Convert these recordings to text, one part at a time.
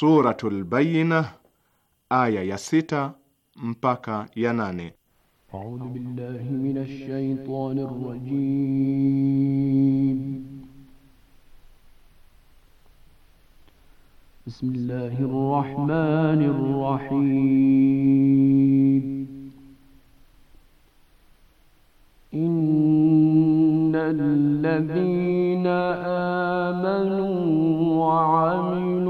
Suratul Bayyina aya ya sita mpaka ya nane. A'udhu billahi minash shaitanir rajim. Bismillahir rahmanir rahim. إن الذين آمنوا وعملوا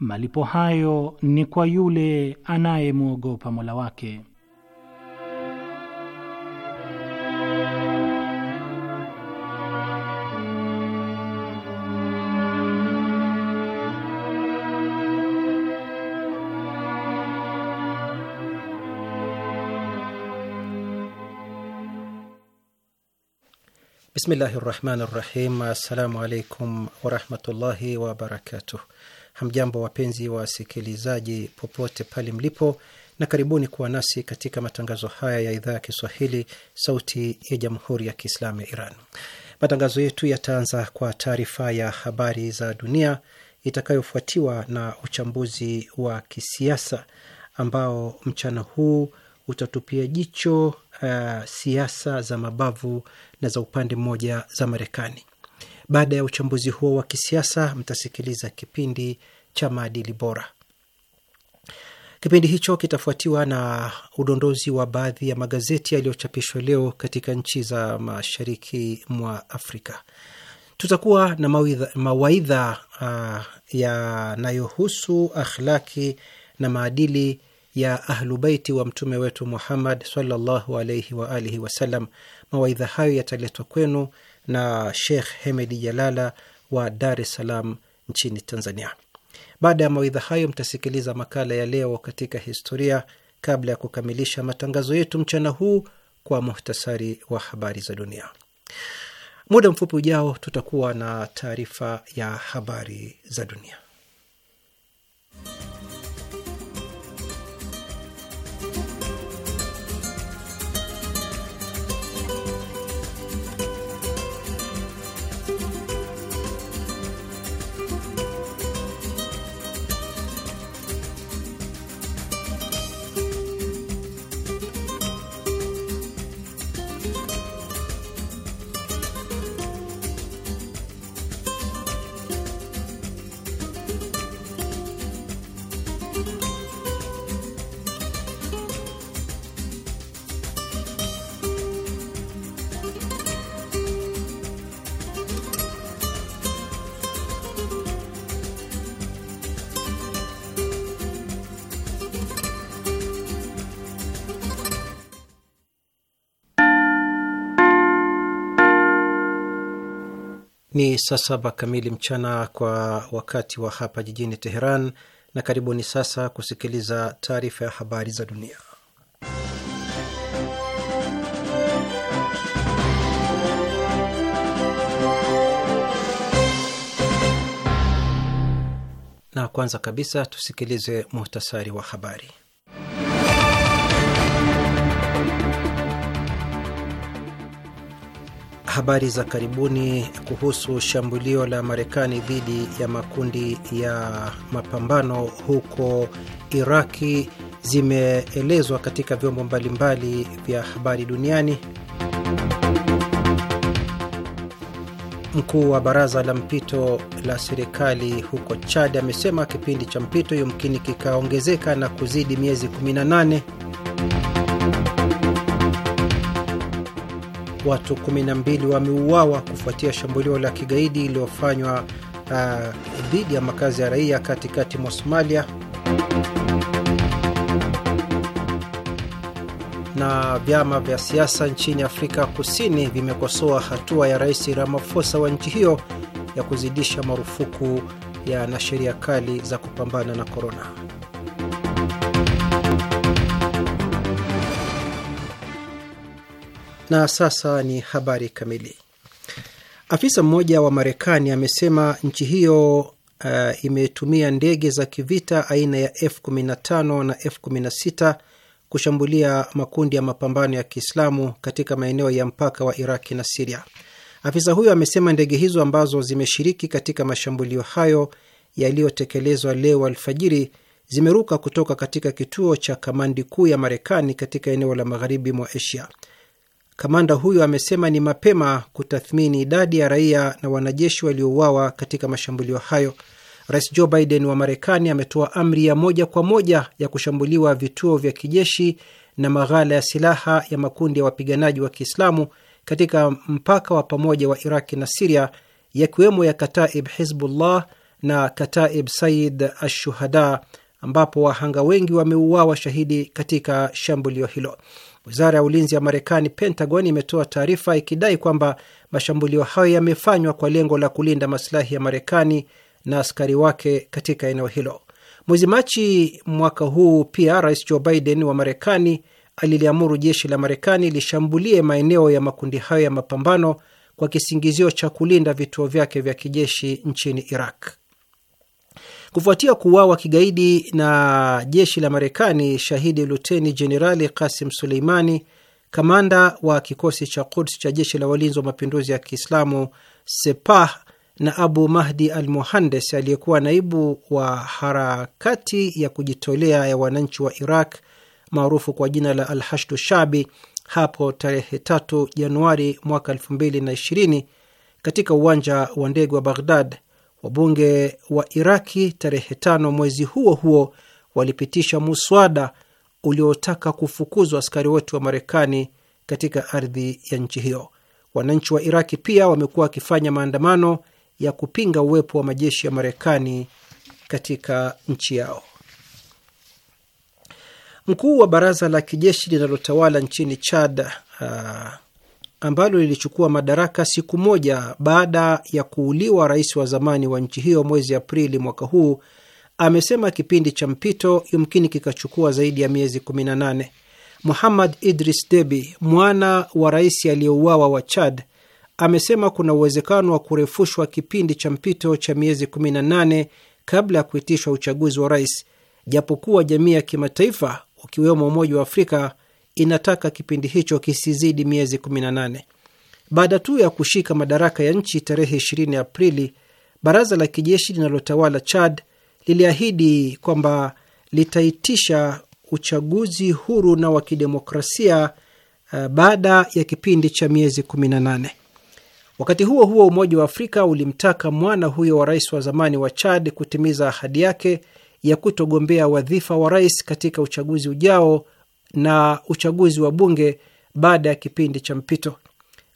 Malipo hayo ni kwa yule anayemwogopa Mola wake. Bismillahi rahmani rahim. Assalamu alaikum warahmatullahi wabarakatuh. Hamjambo wapenzi wa wasikilizaji, popote pale mlipo, na karibuni kuwa nasi katika matangazo haya ya idhaa ya Kiswahili, Sauti ya Jamhuri ya Kiislamu ya Iran. Matangazo yetu yataanza kwa taarifa ya habari za dunia itakayofuatiwa na uchambuzi wa kisiasa ambao mchana huu utatupia jicho uh, siasa za mabavu na za upande mmoja za Marekani. Baada ya uchambuzi huo wa kisiasa, mtasikiliza kipindi cha maadili bora. Kipindi hicho kitafuatiwa na udondozi wa baadhi ya magazeti yaliyochapishwa leo katika nchi za mashariki mwa Afrika. Tutakuwa na mawaidha, mawaidha uh, yanayohusu akhlaki na maadili ya ahlubeiti wa mtume wetu Muhammad sallallahu alaihi waalihi Mawaidha hayo yataletwa kwenu na Sheikh Hemedi Jalala wa Dar es Salaam nchini Tanzania. Baada ya mawaidha hayo, mtasikiliza makala ya leo katika historia, kabla ya kukamilisha matangazo yetu mchana huu kwa muhtasari wa habari za dunia. Muda mfupi ujao tutakuwa na taarifa ya habari za dunia. saa saba kamili mchana kwa wakati wa hapa jijini Teheran, na karibuni sasa kusikiliza taarifa ya habari za dunia. Na kwanza kabisa tusikilize muhtasari wa habari. habari za karibuni kuhusu shambulio la Marekani dhidi ya makundi ya mapambano huko Iraki zimeelezwa katika vyombo mbalimbali vya habari duniani. Mkuu wa baraza la mpito la serikali huko Chad amesema kipindi cha mpito yumkini kikaongezeka na kuzidi miezi 18. watu 12 wameuawa kufuatia shambulio la kigaidi iliyofanywa uh, dhidi uh, ya makazi ya raia katikati mwa Somalia. Na vyama vya siasa nchini Afrika Kusini vimekosoa hatua ya Rais Ramaphosa wa nchi hiyo ya kuzidisha marufuku ya na sheria kali za kupambana na korona. Na sasa ni habari kamili. Afisa mmoja wa Marekani amesema nchi hiyo uh, imetumia ndege za kivita aina ya F15 na F16 kushambulia makundi ya mapambano ya Kiislamu katika maeneo ya mpaka wa Iraki na Siria. Afisa huyo amesema ndege hizo ambazo zimeshiriki katika mashambulio hayo yaliyotekelezwa leo alfajiri zimeruka kutoka katika kituo cha kamandi kuu ya Marekani katika eneo la magharibi mwa Asia Kamanda huyo amesema ni mapema kutathmini idadi ya raia na wanajeshi waliouawa katika mashambulio hayo. Rais Joe Biden wa Marekani ametoa amri ya moja kwa moja ya kushambuliwa vituo vya kijeshi na maghala ya silaha ya makundi ya wapiganaji wa Kiislamu katika mpaka wa pamoja wa Iraki na Siria, yakiwemo ya Kataib Hizbullah na Kataib Said Ashuhada ambapo wahanga wengi wameuawa shahidi katika shambulio hilo. Wizara ya ulinzi ya Marekani, Pentagon, imetoa taarifa ikidai kwamba mashambulio hayo yamefanywa kwa lengo la kulinda masilahi ya Marekani na askari wake katika eneo hilo. Mwezi Machi mwaka huu pia Rais Joe Biden wa Marekani aliliamuru jeshi la Marekani lishambulie maeneo ya makundi hayo ya mapambano kwa kisingizio cha kulinda vituo vyake vya kijeshi nchini Iraq. Kufuatia kuuawa kigaidi na jeshi la Marekani shahidi luteni jenerali Kasim Suleimani, kamanda wa kikosi cha Quds cha jeshi la walinzi wa mapinduzi ya Kiislamu Sepah na Abu Mahdi al Muhandes aliyekuwa naibu wa harakati ya kujitolea ya wananchi wa Iraq maarufu kwa jina la al Hashdu Shabi hapo tarehe tatu Januari mwaka elfu mbili na ishirini katika uwanja wa ndege wa Baghdad Wabunge wa Iraki tarehe tano mwezi huo huo walipitisha muswada uliotaka kufukuzwa askari wote wa Marekani katika ardhi ya nchi hiyo. Wananchi wa Iraki pia wamekuwa wakifanya maandamano ya kupinga uwepo wa majeshi ya Marekani katika nchi yao. Mkuu wa baraza la kijeshi linalotawala nchini Chad uh, ambalo lilichukua madaraka siku moja baada ya kuuliwa rais wa zamani wa nchi hiyo mwezi Aprili mwaka huu, amesema kipindi cha mpito yumkini kikachukua zaidi ya miezi 18. Muhammad Idris Deby, mwana wa rais aliyeuawa wa Chad, amesema kuna uwezekano wa kurefushwa kipindi cha mpito cha miezi 18 kabla ya kuitishwa uchaguzi wa rais, japokuwa jamii ya kimataifa ukiwemo Umoja wa Afrika inataka kipindi hicho kisizidi miezi 18. Baada tu ya kushika madaraka ya nchi tarehe 20 Aprili, baraza la kijeshi linalotawala Chad liliahidi kwamba litaitisha uchaguzi huru na wa kidemokrasia uh, baada ya kipindi cha miezi 18. Wakati huo huo, Umoja wa Afrika ulimtaka mwana huyo wa rais wa zamani wa Chad kutimiza ahadi yake ya kutogombea wadhifa wa rais katika uchaguzi ujao na uchaguzi wa bunge baada ya kipindi cha mpito.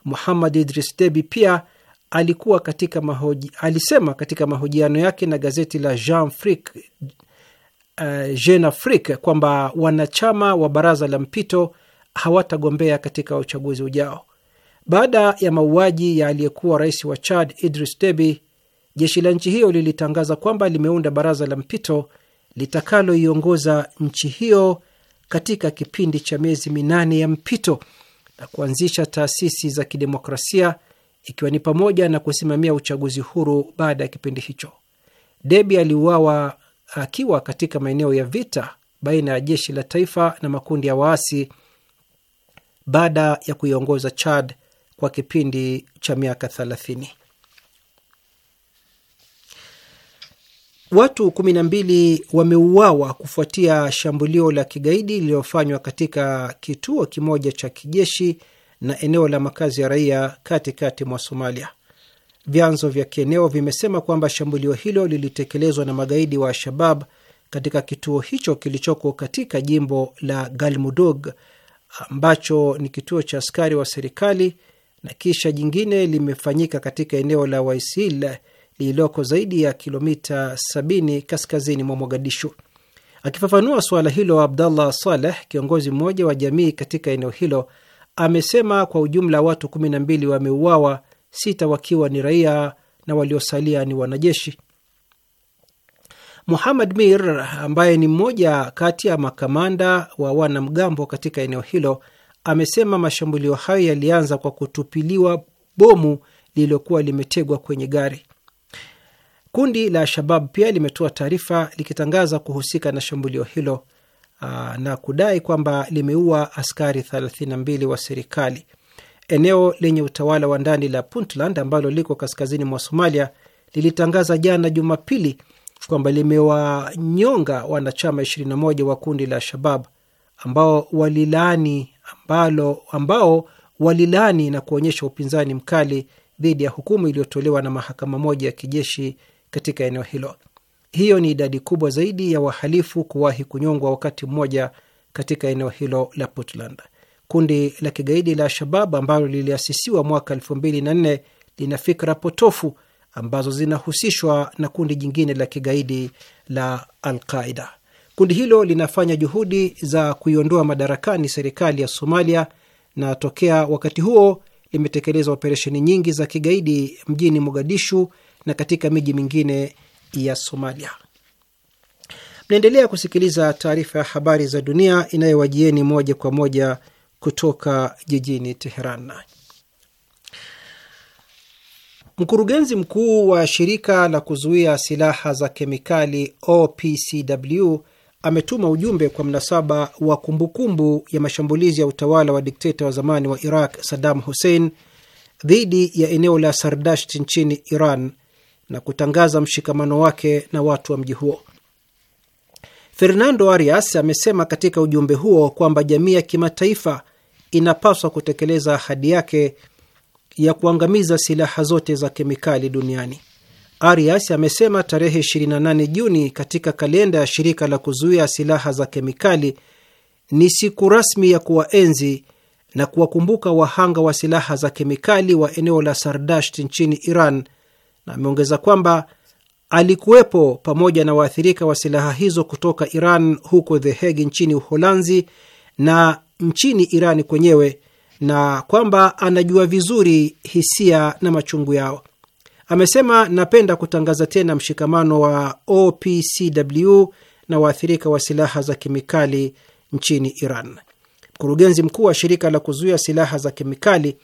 Muhammad Idris Deby pia alikuwa katika mahoji, alisema katika mahojiano yake na gazeti la Jean Fric, uh, Jeune Afrique kwamba wanachama wa baraza la mpito hawatagombea katika uchaguzi ujao. Baada ya mauaji ya aliyekuwa rais wa Chad Idris Deby, jeshi la nchi hiyo lilitangaza kwamba limeunda baraza la mpito litakaloiongoza nchi hiyo katika kipindi cha miezi minane ya mpito na kuanzisha taasisi za kidemokrasia ikiwa ni pamoja na kusimamia uchaguzi huru baada ya kipindi hicho. Deby aliuawa akiwa katika maeneo ya vita baina ya jeshi la taifa na makundi ya waasi baada ya kuiongoza Chad kwa kipindi cha miaka thelathini. Watu mbili wameuawa kufuatia shambulio la kigaidi lililofanywa katika kituo kimoja cha kijeshi na eneo la makazi ya raia katikati mwa Somalia. Vyanzo vya kieneo vimesema kwamba shambulio hilo lilitekelezwa na magaidi wa Al-Shabab katika kituo hicho kilichoko katika jimbo la Galmudug ambacho ni kituo cha askari wa serikali na kisha jingine limefanyika katika eneo la Waisil lililoko zaidi ya kilomita 70 kaskazini mwa Mogadishu. Akifafanua suala hilo, Abdallah Saleh, kiongozi mmoja wa jamii katika eneo hilo, amesema kwa ujumla watu 12 wameuawa, sita wakiwa ni raia na waliosalia ni wanajeshi. Muhamad Mir ambaye ni mmoja kati ya makamanda wa wanamgambo katika eneo hilo amesema mashambulio hayo yalianza kwa kutupiliwa bomu lililokuwa limetegwa kwenye gari. Kundi la Shabab pia limetoa taarifa likitangaza kuhusika na shambulio hilo ah, na kudai kwamba limeua askari 32 wa serikali. Eneo lenye utawala wa ndani la Puntland ambalo liko kaskazini mwa Somalia lilitangaza jana Jumapili kwamba limewanyonga wanachama 21 wa kundi la Shabab ambao walilaani ambalo ambao walilaani na kuonyesha upinzani mkali dhidi ya hukumu iliyotolewa na mahakama moja ya kijeshi katika eneo hilo. Hiyo ni idadi kubwa zaidi ya wahalifu kuwahi kunyongwa wakati mmoja katika eneo hilo la Puntland. Kundi la kigaidi la Al-Shabab ambalo liliasisiwa mwaka 2004 lina fikra potofu ambazo zinahusishwa na kundi jingine la kigaidi la Al-Qaida. Kundi hilo linafanya juhudi za kuiondoa madarakani serikali ya Somalia na tokea wakati huo limetekeleza operesheni nyingi za kigaidi mjini Mogadishu na katika miji mingine ya Somalia. Mnaendelea kusikiliza taarifa ya habari za dunia inayowajieni moja kwa moja kutoka jijini Teheran. Mkurugenzi mkuu wa shirika la kuzuia silaha za kemikali OPCW ametuma ujumbe kwa mnasaba wa kumbukumbu ya mashambulizi ya utawala wa dikteta wa zamani wa Iraq Saddam Hussein dhidi ya eneo la Sardasht nchini Iran na kutangaza mshikamano wake na watu wa mji huo. Fernando Arias amesema katika ujumbe huo kwamba jamii ya kimataifa inapaswa kutekeleza ahadi yake ya kuangamiza silaha zote za kemikali duniani. Arias amesema tarehe 28 Juni katika kalenda ya shirika la kuzuia silaha za kemikali ni siku rasmi ya kuwaenzi na kuwakumbuka wahanga wa silaha za kemikali wa eneo la Sardasht nchini Iran na ameongeza kwamba alikuwepo pamoja na waathirika wa silaha hizo kutoka Iran huko The Hague nchini Uholanzi na nchini Iran kwenyewe na kwamba anajua vizuri hisia na machungu yao. Amesema, napenda kutangaza tena mshikamano wa OPCW na waathirika wa silaha za kemikali nchini Iran. Mkurugenzi mkuu wa shirika la kuzuia silaha za kemikali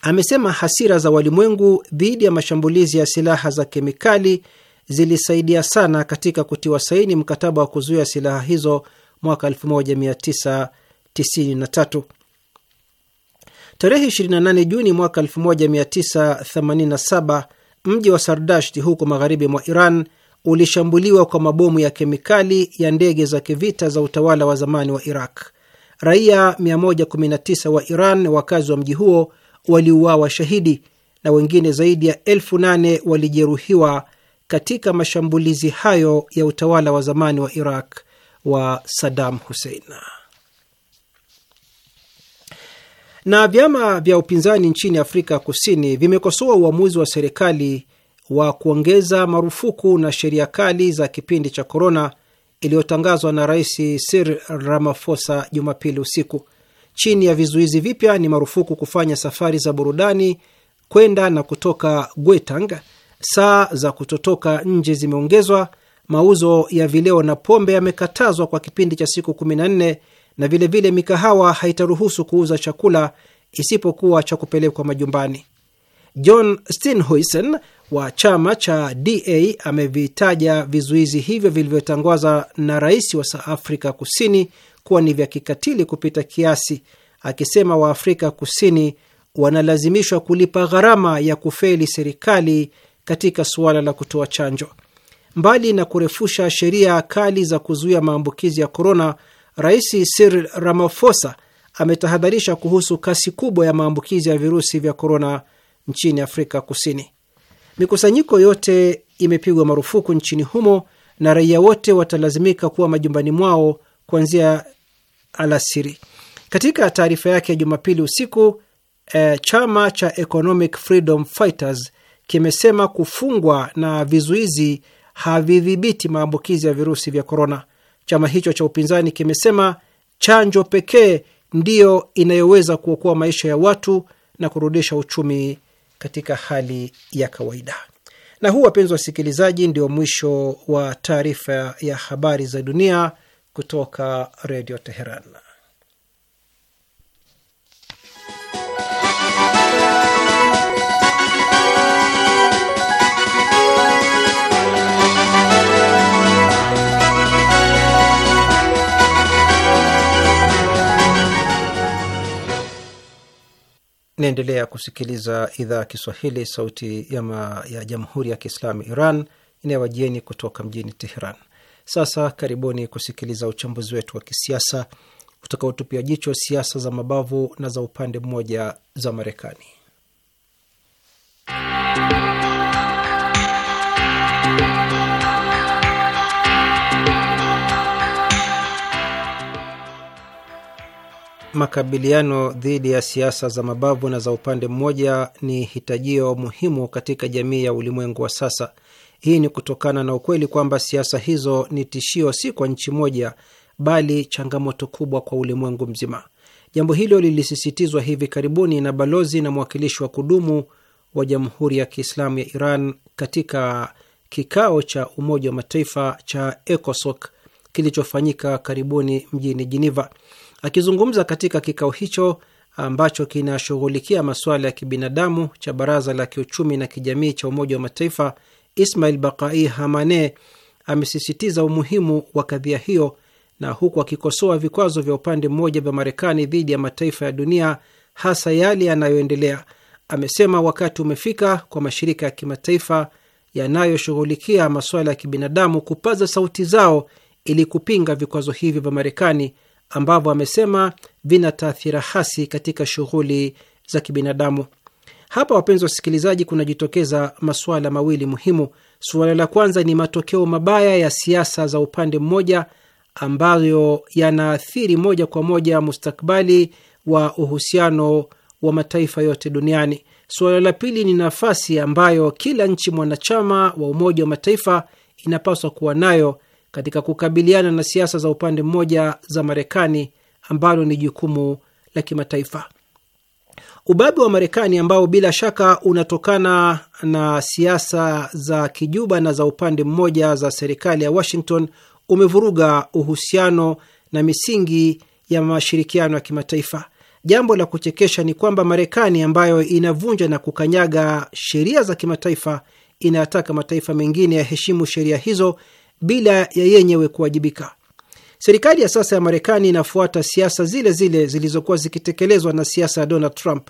amesema hasira za walimwengu dhidi ya mashambulizi ya silaha za kemikali zilisaidia sana katika kutiwa saini mkataba wa kuzuia silaha hizo mwaka 1993. Tarehe 28 Juni mwaka 1987 mji wa Sardashti huko magharibi mwa Iran ulishambuliwa kwa mabomu ya kemikali ya ndege za kivita za utawala wa zamani wa Iraq. Raia 119 wa Iran, wakazi wa mji huo, waliuawa shahidi na wengine zaidi ya elfu nane walijeruhiwa katika mashambulizi hayo ya utawala wa zamani wa Iraq wa Saddam Hussein. Na vyama vya upinzani nchini Afrika Kusini vimekosoa uamuzi wa serikali wa kuongeza marufuku na sheria kali za kipindi cha korona iliyotangazwa na Rais Cyril Ramaphosa Jumapili usiku. Chini ya vizuizi vipya, ni marufuku kufanya safari za burudani kwenda na kutoka Gwetang. Saa za kutotoka nje zimeongezwa. Mauzo ya vileo na pombe yamekatazwa kwa kipindi cha siku 14 na vilevile vile mikahawa haitaruhusu kuuza chakula isipokuwa cha kupelekwa majumbani. John Steenhuisen wa chama cha DA amevitaja vizuizi hivyo vilivyotangazwa na rais wa Afrika Kusini kuwa ni vya kikatili kupita kiasi, akisema Waafrika Kusini wanalazimishwa kulipa gharama ya kufeli serikali katika suala la kutoa chanjo. Mbali na kurefusha sheria kali za kuzuia maambukizi ya korona, Rais Cyril Ramaphosa ametahadharisha kuhusu kasi kubwa ya maambukizi ya virusi vya korona nchini Afrika Kusini. Mikusanyiko yote imepigwa marufuku nchini humo na raia wote watalazimika kuwa majumbani mwao kuanzia alasiri. Katika taarifa yake ya Jumapili usiku e, chama cha Economic Freedom Fighters kimesema kufungwa na vizuizi havidhibiti maambukizi ya virusi vya korona. Chama hicho cha upinzani kimesema chanjo pekee ndiyo inayoweza kuokoa maisha ya watu na kurudisha uchumi katika hali ya kawaida. Na huu, wapenzi wasikilizaji, ndio mwisho wa taarifa ya habari za dunia kutoka Redio Teheran. Naendelea kusikiliza idhaa ya Kiswahili, sauti ya jamhuri ya kiislamu Iran inayowajieni kutoka mjini Teheran. Sasa karibuni kusikiliza uchambuzi wetu wa kisiasa utakaotupia jicho siasa za mabavu na za upande mmoja za Marekani. Makabiliano dhidi ya siasa za mabavu na za upande mmoja ni hitajio muhimu katika jamii ya ulimwengu wa sasa hii ni kutokana na ukweli kwamba siasa hizo ni tishio si kwa nchi moja, bali changamoto kubwa kwa ulimwengu mzima. Jambo hilo lilisisitizwa hivi karibuni na balozi na mwakilishi wa kudumu wa Jamhuri ya Kiislamu ya Iran katika kikao cha Umoja wa Mataifa cha ECOSOC kilichofanyika karibuni mjini Jiniva. Akizungumza katika kikao hicho ambacho kinashughulikia masuala ya kibinadamu cha Baraza la Kiuchumi na Kijamii cha Umoja wa Mataifa, Ismail Bakai Hamane amesisitiza umuhimu wa kadhia hiyo na huku akikosoa vikwazo vya upande mmoja vya Marekani dhidi ya mataifa ya dunia hasa yale yanayoendelea, amesema wakati umefika kwa mashirika ya kimataifa yanayoshughulikia masuala ya kibinadamu kupaza sauti zao ili kupinga vikwazo hivyo vya Marekani ambavyo amesema vina taathira hasi katika shughuli za kibinadamu. Hapa wapenzi wasikilizaji, kunajitokeza masuala mawili muhimu. Suala la kwanza ni matokeo mabaya ya siasa za upande mmoja ambayo yanaathiri moja kwa moja mustakabali wa uhusiano wa mataifa yote duniani. Suala la pili ni nafasi ambayo kila nchi mwanachama wa Umoja wa Mataifa inapaswa kuwa nayo katika kukabiliana na siasa za upande mmoja za Marekani, ambalo ni jukumu la kimataifa. Ubabe wa Marekani ambao bila shaka unatokana na siasa za kijuba na za upande mmoja za serikali ya Washington umevuruga uhusiano na misingi ya mashirikiano ya kimataifa. Jambo la kuchekesha ni kwamba Marekani ambayo inavunja na kukanyaga sheria za kimataifa inayataka mataifa mengine yaheshimu sheria hizo bila ya yenyewe kuwajibika. Serikali ya sasa ya Marekani inafuata siasa zile zile zilizokuwa zikitekelezwa na siasa ya Donald Trump.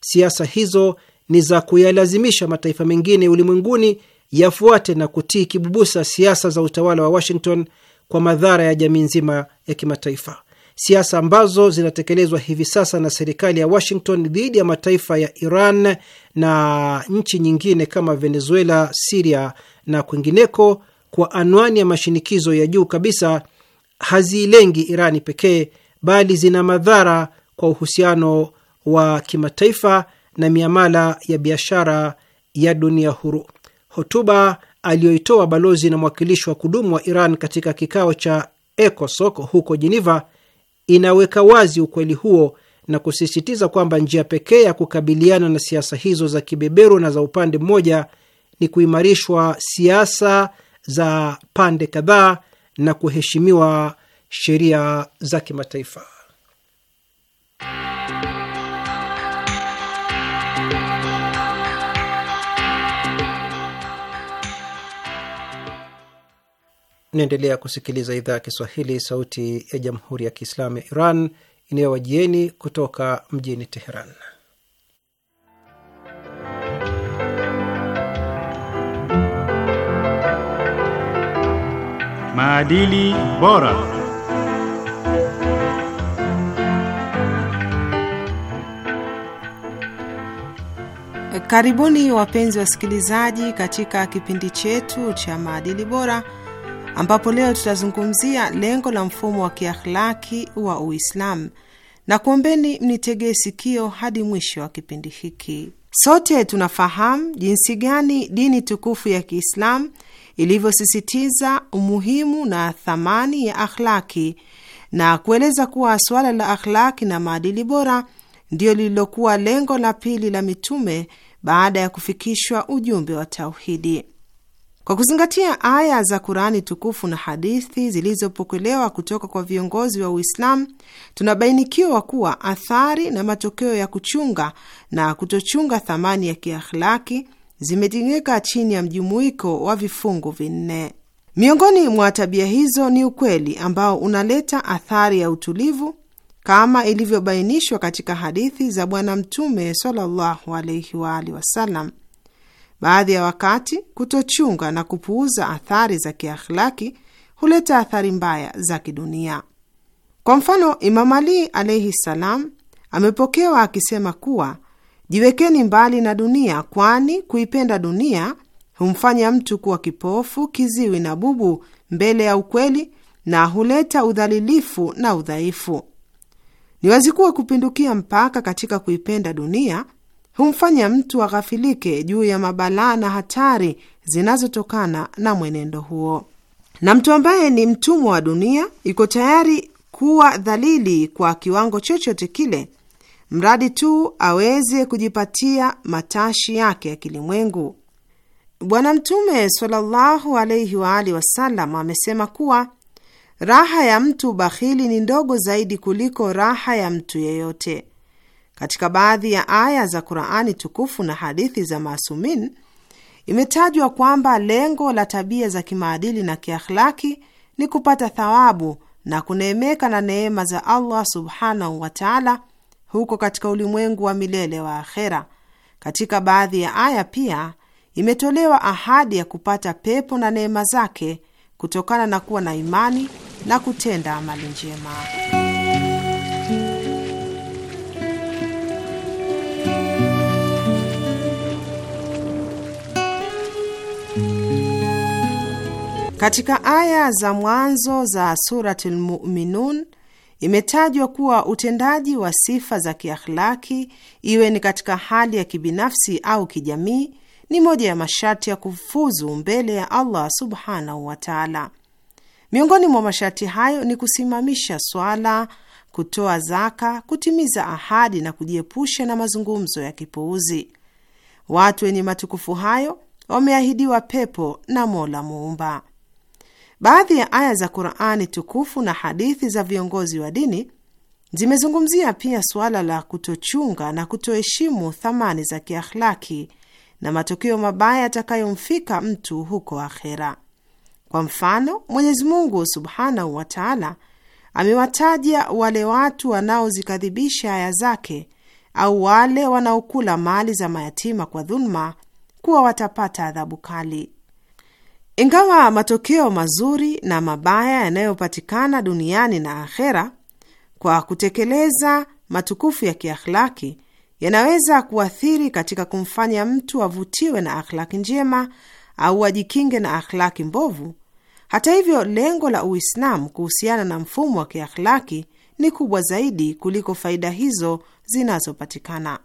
Siasa hizo ni za kuyalazimisha mataifa mengine ulimwenguni yafuate na kutii kibubusa siasa za utawala wa Washington kwa madhara ya jamii nzima ya kimataifa. Siasa ambazo zinatekelezwa hivi sasa na serikali ya Washington dhidi ya mataifa ya Iran na nchi nyingine kama Venezuela, Siria na kwingineko, kwa anwani ya mashinikizo ya juu kabisa hazilengi Irani pekee bali zina madhara kwa uhusiano wa kimataifa na miamala ya biashara ya dunia huru. Hotuba aliyoitoa balozi na mwakilishi wa kudumu wa Iran katika kikao cha ECOSOC huko Geneva inaweka wazi ukweli huo na kusisitiza kwamba njia pekee ya kukabiliana na siasa hizo za kibeberu na za upande mmoja ni kuimarishwa siasa za pande kadhaa na kuheshimiwa sheria za kimataifa. Naendelea kusikiliza idhaa ya Kiswahili, sauti ya jamhuri ya kiislamu ya Iran inayowajieni kutoka mjini Teheran. Maadili bora. Karibuni wapenzi wasikilizaji, katika kipindi chetu cha maadili bora, ambapo leo tutazungumzia lengo la mfumo wa kiakhlaki wa Uislamu na kuombeni mnitegee sikio hadi mwisho wa kipindi hiki. Sote tunafahamu jinsi gani dini tukufu ya Kiislamu ilivyosisitiza umuhimu na thamani ya akhlaki na kueleza kuwa suala la akhlaki na maadili bora ndiyo lililokuwa lengo la pili la mitume baada ya kufikishwa ujumbe wa tauhidi. Kwa kuzingatia aya za Kurani tukufu na hadithi zilizopokelewa kutoka kwa viongozi wa Uislamu, tunabainikiwa kuwa athari na matokeo ya kuchunga na kutochunga thamani ya kiakhlaki zimetingika chini ya mjumuiko wa vifungu vinne. Miongoni mwa tabia hizo ni ukweli ambao unaleta athari ya utulivu kama ilivyobainishwa katika hadithi za Bwana Mtume sallallahu alaihi wa alihi wasallam. Baadhi ya wakati kutochunga na kupuuza athari za kiakhlaki huleta athari mbaya za kidunia. Kwa mfano, Imam Ali alaihi salam amepokewa akisema kuwa Jiwekeni mbali na dunia, kwani kuipenda dunia humfanya mtu kuwa kipofu, kiziwi na bubu mbele ya ukweli na huleta udhalilifu na udhaifu. Ni wazi kuwa kupindukia mpaka katika kuipenda dunia humfanya mtu aghafilike juu ya mabalaa na hatari zinazotokana na mwenendo huo. Na mtu ambaye ni mtumwa wa dunia, iko tayari kuwa dhalili kwa kiwango chochote kile mradi tu aweze kujipatia matashi yake ya kilimwengu. Bwana Mtume sallallahu alaihi wa alihi wasallam amesema kuwa raha ya mtu bakhili ni ndogo zaidi kuliko raha ya mtu yeyote. Katika baadhi ya aya za Qurani tukufu na hadithi za Maasumin imetajwa kwamba lengo la tabia za kimaadili na kiakhlaki ni kupata thawabu na kuneemeka na neema za Allah subhanahu wataala huko katika ulimwengu wa milele wa akhera. Katika baadhi ya aya pia imetolewa ahadi ya kupata pepo na neema zake kutokana na kuwa na imani na kutenda amali njema. Katika aya za mwanzo za Suratul Muminun Imetajwa kuwa utendaji wa sifa za kiakhlaki, iwe ni katika hali ya kibinafsi au kijamii, ni moja ya masharti ya kufuzu mbele ya Allah subhanahu wa taala. Miongoni mwa masharti hayo ni kusimamisha swala, kutoa zaka, kutimiza ahadi na kujiepusha na mazungumzo ya kipuuzi. Watu wenye matukufu hayo wameahidiwa pepo na Mola Muumba. Baadhi ya aya za Qurani tukufu na hadithi za viongozi wa dini zimezungumzia pia suala la kutochunga na kutoheshimu thamani za kiakhlaki na matokeo mabaya yatakayomfika mtu huko akhera. Kwa mfano, Mwenyezi Mungu subhanahu wa taala amewataja wale watu wanaozikadhibisha aya zake au wale wanaokula mali za mayatima kwa dhuluma kuwa watapata adhabu kali. Ingawa matokeo mazuri na mabaya yanayopatikana duniani na akhera kwa kutekeleza matukufu ya kiakhlaki yanaweza kuathiri katika kumfanya mtu avutiwe na akhlaki njema au ajikinge na akhlaki mbovu. Hata hivyo, lengo la Uislamu kuhusiana na mfumo wa kiakhlaki ni kubwa zaidi kuliko faida hizo zinazopatikana.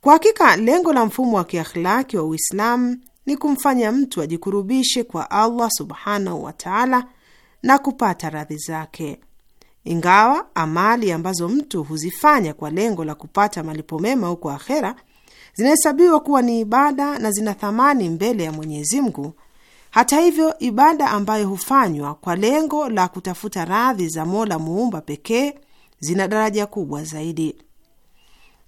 Kwa hakika, lengo la mfumo wa kiakhlaki wa Uislamu ni kumfanya mtu ajikurubishe kwa Allah subhanahu wa taala na kupata radhi zake. Ingawa amali ambazo mtu huzifanya kwa lengo la kupata malipo mema huko akhera zinahesabiwa kuwa ni ibada na zina thamani mbele ya Mwenyezi Mungu, hata hivyo, ibada ambayo hufanywa kwa lengo la kutafuta radhi za Mola muumba pekee zina daraja kubwa zaidi.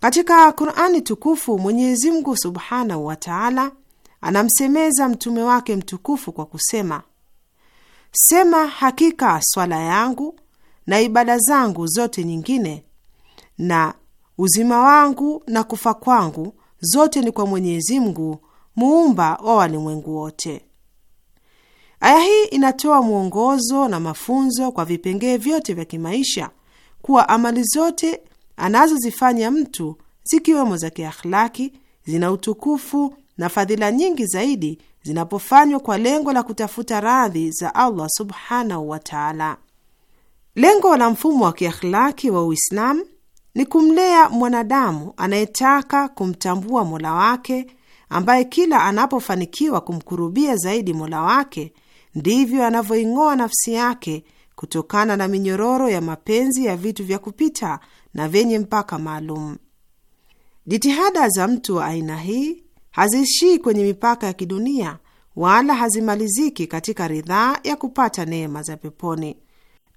Katika Qur'ani tukufu Mwenyezi Mungu subhanahu wa taala anamsemeza mtume wake mtukufu kwa kusema: Sema, hakika swala yangu na ibada zangu zote nyingine na uzima wangu na kufa kwangu zote ni kwa Mwenyezi Mungu muumba wa walimwengu wote. Aya hii inatoa mwongozo na mafunzo kwa vipengee vyote vya kimaisha kuwa amali zote anazozifanya mtu zikiwemo za kiakhlaki zina utukufu na fadhila nyingi zaidi zinapofanywa kwa lengo la kutafuta radhi za Allah subhanahu wa taala. Lengo la mfumo wa kiakhlaki wa Uislamu ni kumlea mwanadamu anayetaka kumtambua mola wake, ambaye kila anapofanikiwa kumkurubia zaidi mola wake ndivyo anavyoing'oa nafsi yake kutokana na minyororo ya mapenzi ya vitu vya kupita na vyenye mpaka maalum. Jitihada za mtu wa aina hii haziishii kwenye mipaka ya kidunia wala hazimaliziki katika ridhaa ya kupata neema za peponi.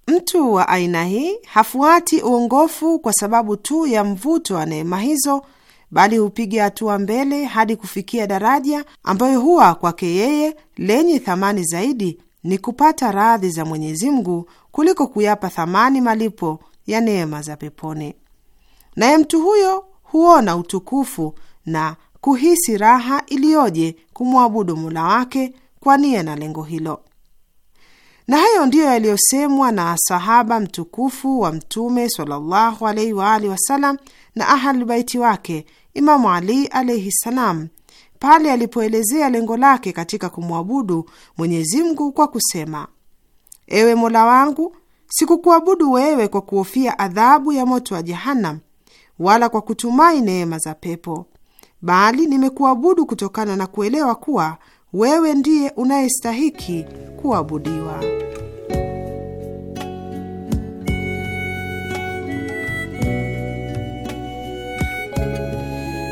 Mtu wa aina hii hafuati uongofu kwa sababu tu ya mvuto wa neema hizo, bali hupiga hatua mbele hadi kufikia daraja ambayo huwa kwake yeye lenye thamani zaidi ni kupata radhi za Mwenyezi Mungu kuliko kuyapa thamani malipo ya neema za peponi. Naye mtu huyo huona utukufu na kuhisi raha iliyoje kumwabudu mula wake kwa nia na lengo hilo. Na hayo ndiyo yaliyosemwa na sahaba mtukufu wa Mtume sallallahu alaihi wa alihi wasallam na ahalbaiti wake Imamu Ali alaihi ssalam pale alipoelezea lengo lake katika kumwabudu Mwenyezi Mungu kwa kusema: ewe Mola wangu, sikukuabudu wewe kwa kuhofia adhabu ya moto wa jehanam wala kwa kutumai neema za pepo bali nimekuabudu kutokana na kuelewa kuwa wewe ndiye unayestahiki kuabudiwa.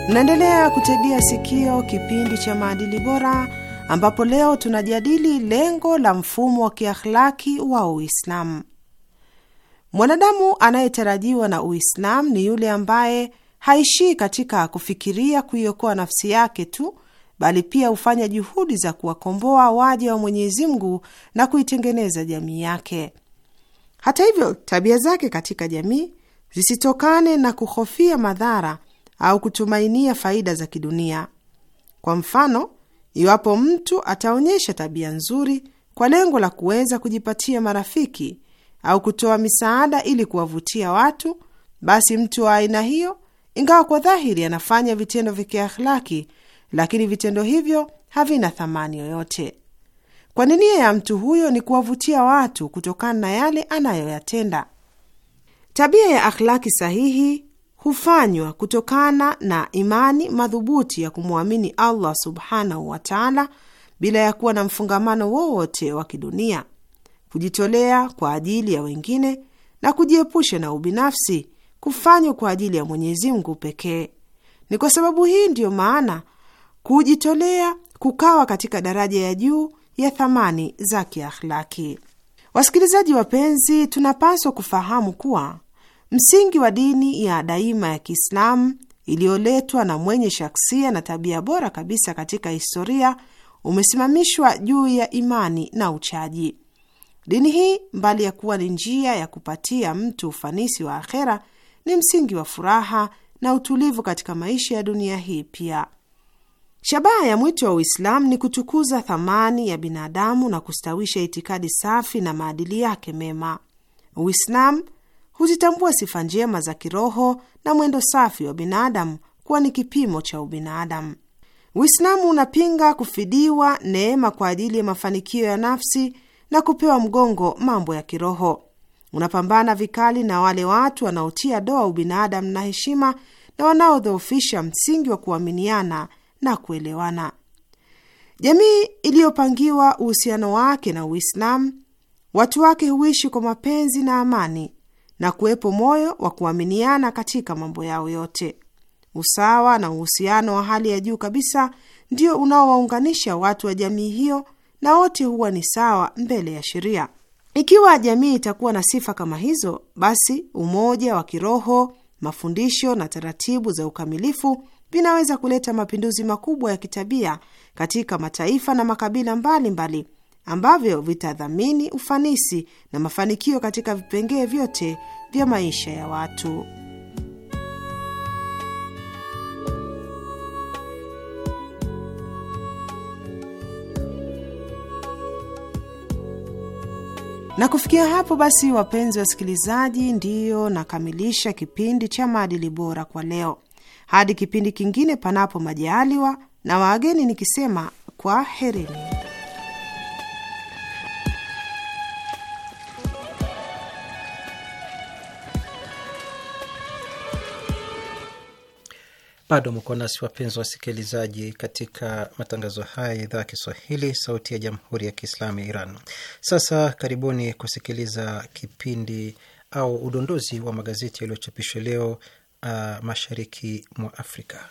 Naendelea kutegea sikio kipindi cha maadili bora, ambapo leo tunajadili lengo la mfumo wa kiakhlaki wa Uislamu. Mwanadamu anayetarajiwa na Uislamu ni yule ambaye haishii katika kufikiria kuiokoa nafsi yake tu, bali pia hufanya juhudi za kuwakomboa waja wa Mwenyezi Mungu na kuitengeneza jamii yake. Hata hivyo, tabia zake katika jamii zisitokane na kuhofia madhara au kutumainia faida za kidunia. Kwa mfano, iwapo mtu ataonyesha tabia nzuri kwa lengo la kuweza kujipatia marafiki au kutoa misaada ili kuwavutia watu, basi mtu wa aina hiyo ingawa kwa dhahiri anafanya vitendo vya kiakhlaki, lakini vitendo hivyo havina thamani yoyote, kwani nia ya mtu huyo ni kuwavutia watu kutokana na yale anayoyatenda. Tabia ya akhlaki sahihi hufanywa kutokana na imani madhubuti ya kumwamini Allah subhanahu wa taala, bila ya kuwa na mfungamano wowote wa kidunia, kujitolea kwa ajili ya wengine na kujiepusha na ubinafsi kufanywa kwa ajili ya Mwenyezi Mungu pekee. Ni kwa sababu hii ndiyo maana kujitolea kukawa katika daraja ya juu ya thamani za kiakhlaki. Wasikilizaji wapenzi, tunapaswa kufahamu kuwa msingi wa dini ya daima ya Kiislamu iliyoletwa na mwenye shaksia na tabia bora kabisa katika historia umesimamishwa juu ya imani na uchaji. Dini hii mbali ya kuwa ni njia ya kupatia mtu ufanisi wa akhera, ni msingi wa furaha na utulivu katika maisha ya dunia hii pia. Shabaha ya mwito wa Uislamu ni kutukuza thamani ya binadamu na kustawisha itikadi safi na maadili yake mema. Uislamu huzitambua sifa njema za kiroho na mwendo safi wa binadamu kuwa ni kipimo cha ubinadamu. Uislamu unapinga kufidiwa neema kwa ajili ya mafanikio ya nafsi na kupewa mgongo mambo ya kiroho unapambana vikali na wale watu wanaotia doa ubinadamu na heshima na wanaodhoofisha msingi wa kuaminiana na kuelewana. Jamii iliyopangiwa uhusiano wake na Uislamu, watu wake huishi kwa mapenzi na amani na kuwepo moyo wa kuaminiana katika mambo yao yote. Usawa na uhusiano wa hali ya juu kabisa ndio unaowaunganisha watu wa jamii hiyo, na wote huwa ni sawa mbele ya sheria. Ikiwa jamii itakuwa na sifa kama hizo, basi umoja wa kiroho, mafundisho na taratibu za ukamilifu vinaweza kuleta mapinduzi makubwa ya kitabia katika mataifa na makabila mbalimbali mbali, ambavyo vitadhamini ufanisi na mafanikio katika vipengee vyote vya maisha ya watu. Na kufikia hapo basi, wapenzi wasikilizaji, ndiyo nakamilisha kipindi cha maadili bora kwa leo. Hadi kipindi kingine, panapo majaliwa, na waageni nikisema kwa herini. Bado mko nasi wapenzi wasikilizaji, katika matangazo haya ya idhaa ya Kiswahili, sauti ya jamhuri ya kiislamu ya Iran. Sasa karibuni kusikiliza kipindi au udondozi wa magazeti yaliyochapishwa leo uh, mashariki mwa Afrika.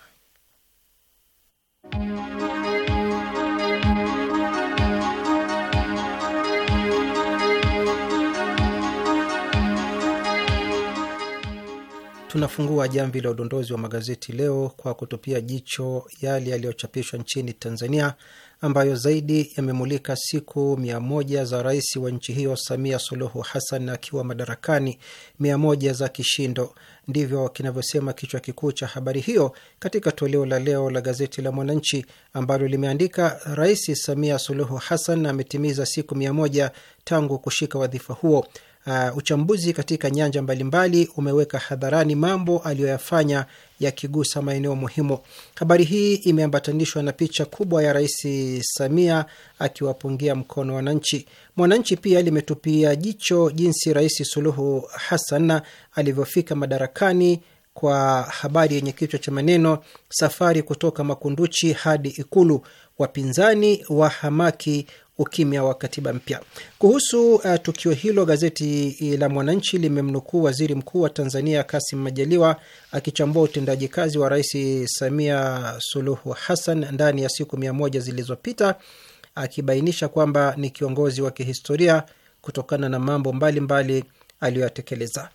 Tunafungua jamvi la udondozi wa magazeti leo kwa kutupia jicho yale yaliyochapishwa nchini Tanzania, ambayo zaidi yamemulika siku mia moja za rais wa nchi hiyo Samia Suluhu Hassan akiwa madarakani, mia moja za kishindo. Ndivyo kinavyosema kichwa kikuu cha habari hiyo katika toleo la leo la gazeti la Mwananchi ambalo limeandika Rais Samia Suluhu Hassan ametimiza siku mia moja tangu kushika wadhifa huo uh, uchambuzi katika nyanja mbalimbali umeweka hadharani mambo aliyoyafanya yakigusa maeneo muhimu. Habari hii imeambatanishwa na picha kubwa ya Rais Samia akiwapungia mkono wananchi. Mwananchi pia limetupia jicho jinsi Rais Suluhu Hassan alivyofika madarakani kwa habari yenye kichwa cha maneno safari kutoka Makunduchi hadi Ikulu, wapinzani wa hamaki ukimya wa katiba mpya. Kuhusu uh, tukio hilo, gazeti eh, la Mwananchi limemnukuu waziri mkuu wa Tanzania Kasim Majaliwa akichambua utendaji kazi wa Rais Samia Suluhu Hassan ndani ya siku mia moja zilizopita, akibainisha kwamba ni kiongozi wa kihistoria kutokana na mambo mbalimbali aliyoyatekeleza.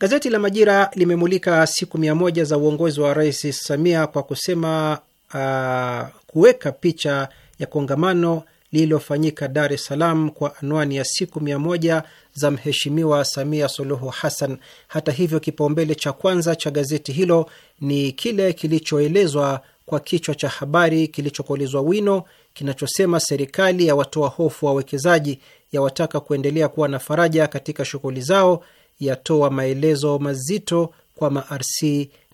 Gazeti la Majira limemulika siku mia moja za uongozi wa Rais Samia kwa kusema uh, kuweka picha ya kongamano lililofanyika Dar es Salaam kwa anwani ya siku mia moja za Mheshimiwa Samia Suluhu Hassan. Hata hivyo, kipaumbele cha kwanza cha gazeti hilo ni kile kilichoelezwa kwa kichwa cha habari kilichokolezwa wino kinachosema serikali ya watoa hofu wawekezaji, yawataka kuendelea kuwa na faraja katika shughuli zao, yatoa maelezo mazito kwa marc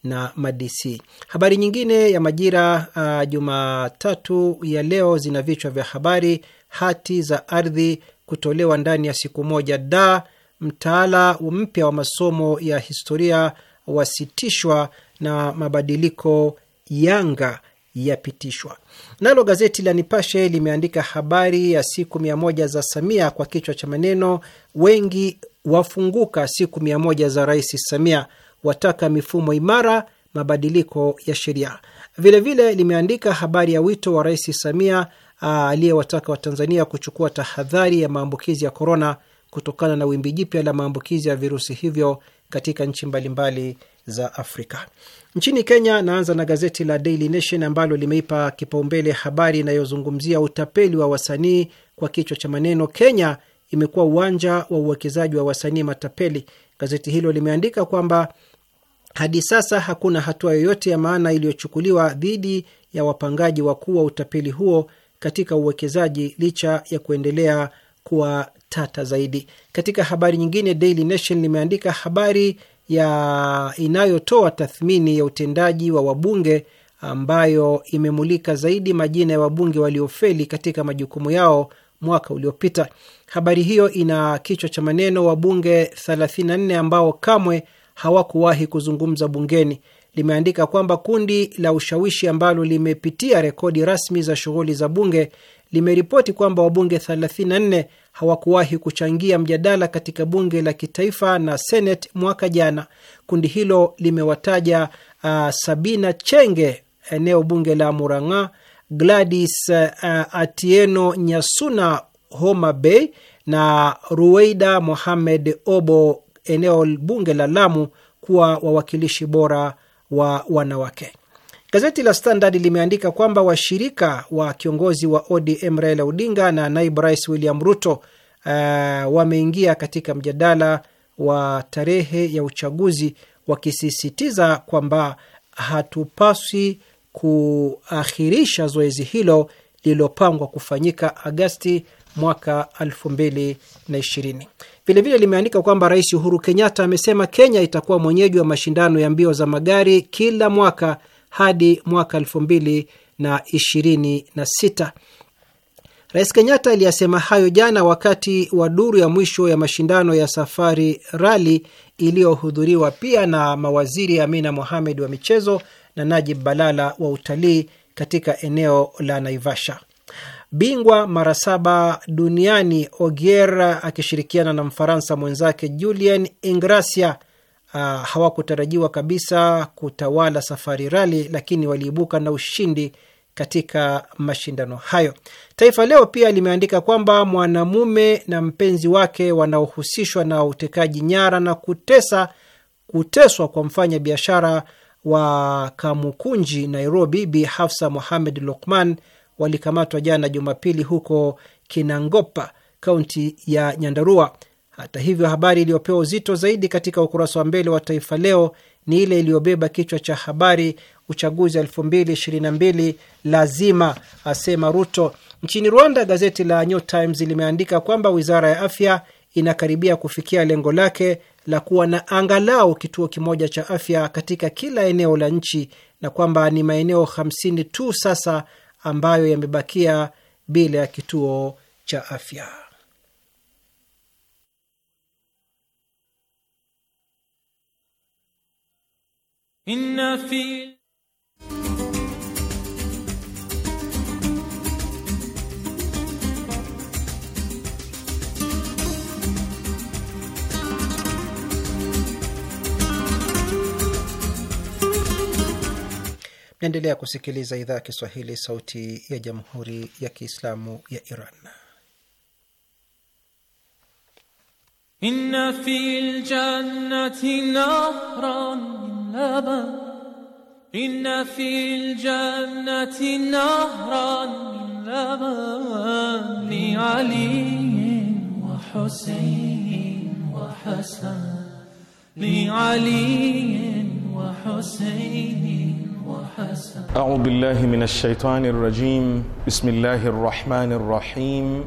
na madc. Habari nyingine ya Majira uh, Jumatatu ya leo zina vichwa vya habari: hati za ardhi kutolewa ndani ya siku moja, da mtaala mpya wa masomo ya historia wasitishwa na mabadiliko Yanga yapitishwa. Nalo gazeti la Nipashe limeandika habari ya siku mia moja za Samia kwa kichwa cha maneno wengi wafunguka siku mia moja za Rais Samia wataka mifumo imara, mabadiliko ya sheria. Vilevile limeandika habari ya wito wa Rais Samia ah, aliyewataka Watanzania kuchukua tahadhari ya maambukizi ya korona kutokana na wimbi jipya la maambukizi ya virusi hivyo katika nchi mbalimbali za Afrika. Nchini Kenya, naanza na gazeti la Daily Nation ambalo limeipa kipaumbele habari inayozungumzia utapeli wa wasanii kwa kichwa cha maneno, Kenya imekuwa uwanja wa uwekezaji wa wasanii matapeli. Gazeti hilo limeandika kwamba hadi sasa hakuna hatua yoyote ya maana iliyochukuliwa dhidi ya wapangaji wakuu wa utapeli huo katika uwekezaji licha ya kuendelea kuwa tata zaidi. Katika habari nyingine, Daily Nation limeandika habari ya inayotoa tathmini ya utendaji wa wabunge ambayo imemulika zaidi majina ya wabunge waliofeli katika majukumu yao mwaka uliopita. Habari hiyo ina kichwa cha maneno wabunge 34 ambao kamwe hawakuwahi kuzungumza bungeni, limeandika kwamba kundi la ushawishi ambalo limepitia rekodi rasmi za shughuli za bunge limeripoti kwamba wabunge 34 hawakuwahi kuchangia mjadala katika bunge la kitaifa na seneti mwaka jana. Kundi hilo limewataja uh, Sabina Chenge, eneo bunge la Murang'a, Gladys uh, Atieno Nyasuna, Homa Bay na Ruweida Mohamed Obo eneo bunge la Lamu kuwa wawakilishi bora wa wanawake. Gazeti la Standard limeandika kwamba washirika wa kiongozi wa ODM Raila Odinga na naibu rais William Ruto uh, wameingia katika mjadala wa tarehe ya uchaguzi wakisisitiza kwamba hatupaswi kuahirisha zoezi hilo lililopangwa kufanyika Agasti mwaka 2020. Vilevile limeandika kwamba Rais Uhuru Kenyatta amesema Kenya itakuwa mwenyeji wa mashindano ya mbio za magari kila mwaka hadi mwaka elfu mbili na ishirini na sita. Rais Kenyatta aliyasema hayo jana wakati wa duru ya mwisho ya mashindano ya Safari Rali iliyohudhuriwa pia na mawaziri Amina Mohamed wa michezo na Najib Balala wa utalii katika eneo la Naivasha. Bingwa mara saba duniani Ogier akishirikiana na Mfaransa mwenzake Julien ingrasia uh, ah, hawakutarajiwa kabisa kutawala safari rali, lakini waliibuka na ushindi katika mashindano hayo. Taifa Leo pia limeandika kwamba mwanamume na mpenzi wake wanaohusishwa na utekaji nyara na kutesa kuteswa kwa mfanya biashara wa Kamukunji, Nairobi, Bi Hafsa Mohamed Lokman walikamatwa jana Jumapili huko Kinangopa, kaunti ya Nyandarua. Hata hivyo, habari iliyopewa uzito zaidi katika ukurasa wa mbele wa Taifa Leo ni ile iliyobeba kichwa cha habari, uchaguzi 2022 lazima, asema Ruto. Nchini Rwanda, gazeti la New Times limeandika kwamba wizara ya afya inakaribia kufikia lengo lake la kuwa na angalau kituo kimoja cha afya katika kila eneo la nchi na kwamba ni maeneo 50 tu sasa ambayo yamebakia bila ya kituo cha afya. Inna fi Naendelea kusikiliza idhaa ya Kiswahili, sauti ya jamhuri ya kiislamu ya Iran. Inna fil jannati nahran min laban, inna fil jannati nahran min laban li aliyin wa husayn wa hasan li aliyin wa husayn أعوذ بالله من الشيطان الرجيم بسم الله الرحمن الرحيم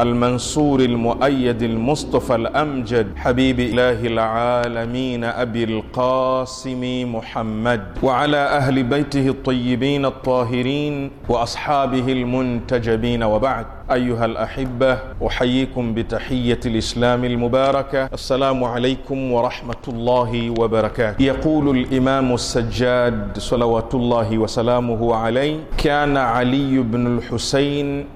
المنصور المؤيد المصطفى الامجد حبيب اله العالمين ابي القاسم محمد وعلى اهل بيته الطيبين الطاهرين واصحابه المنتجبين وبعد ايها الاحبه احييكم بتحيه الاسلام المباركه السلام عليكم ورحمه الله وبركاته يقول الامام السجاد صلوات الله وسلامه عليه كان علي بن الحسين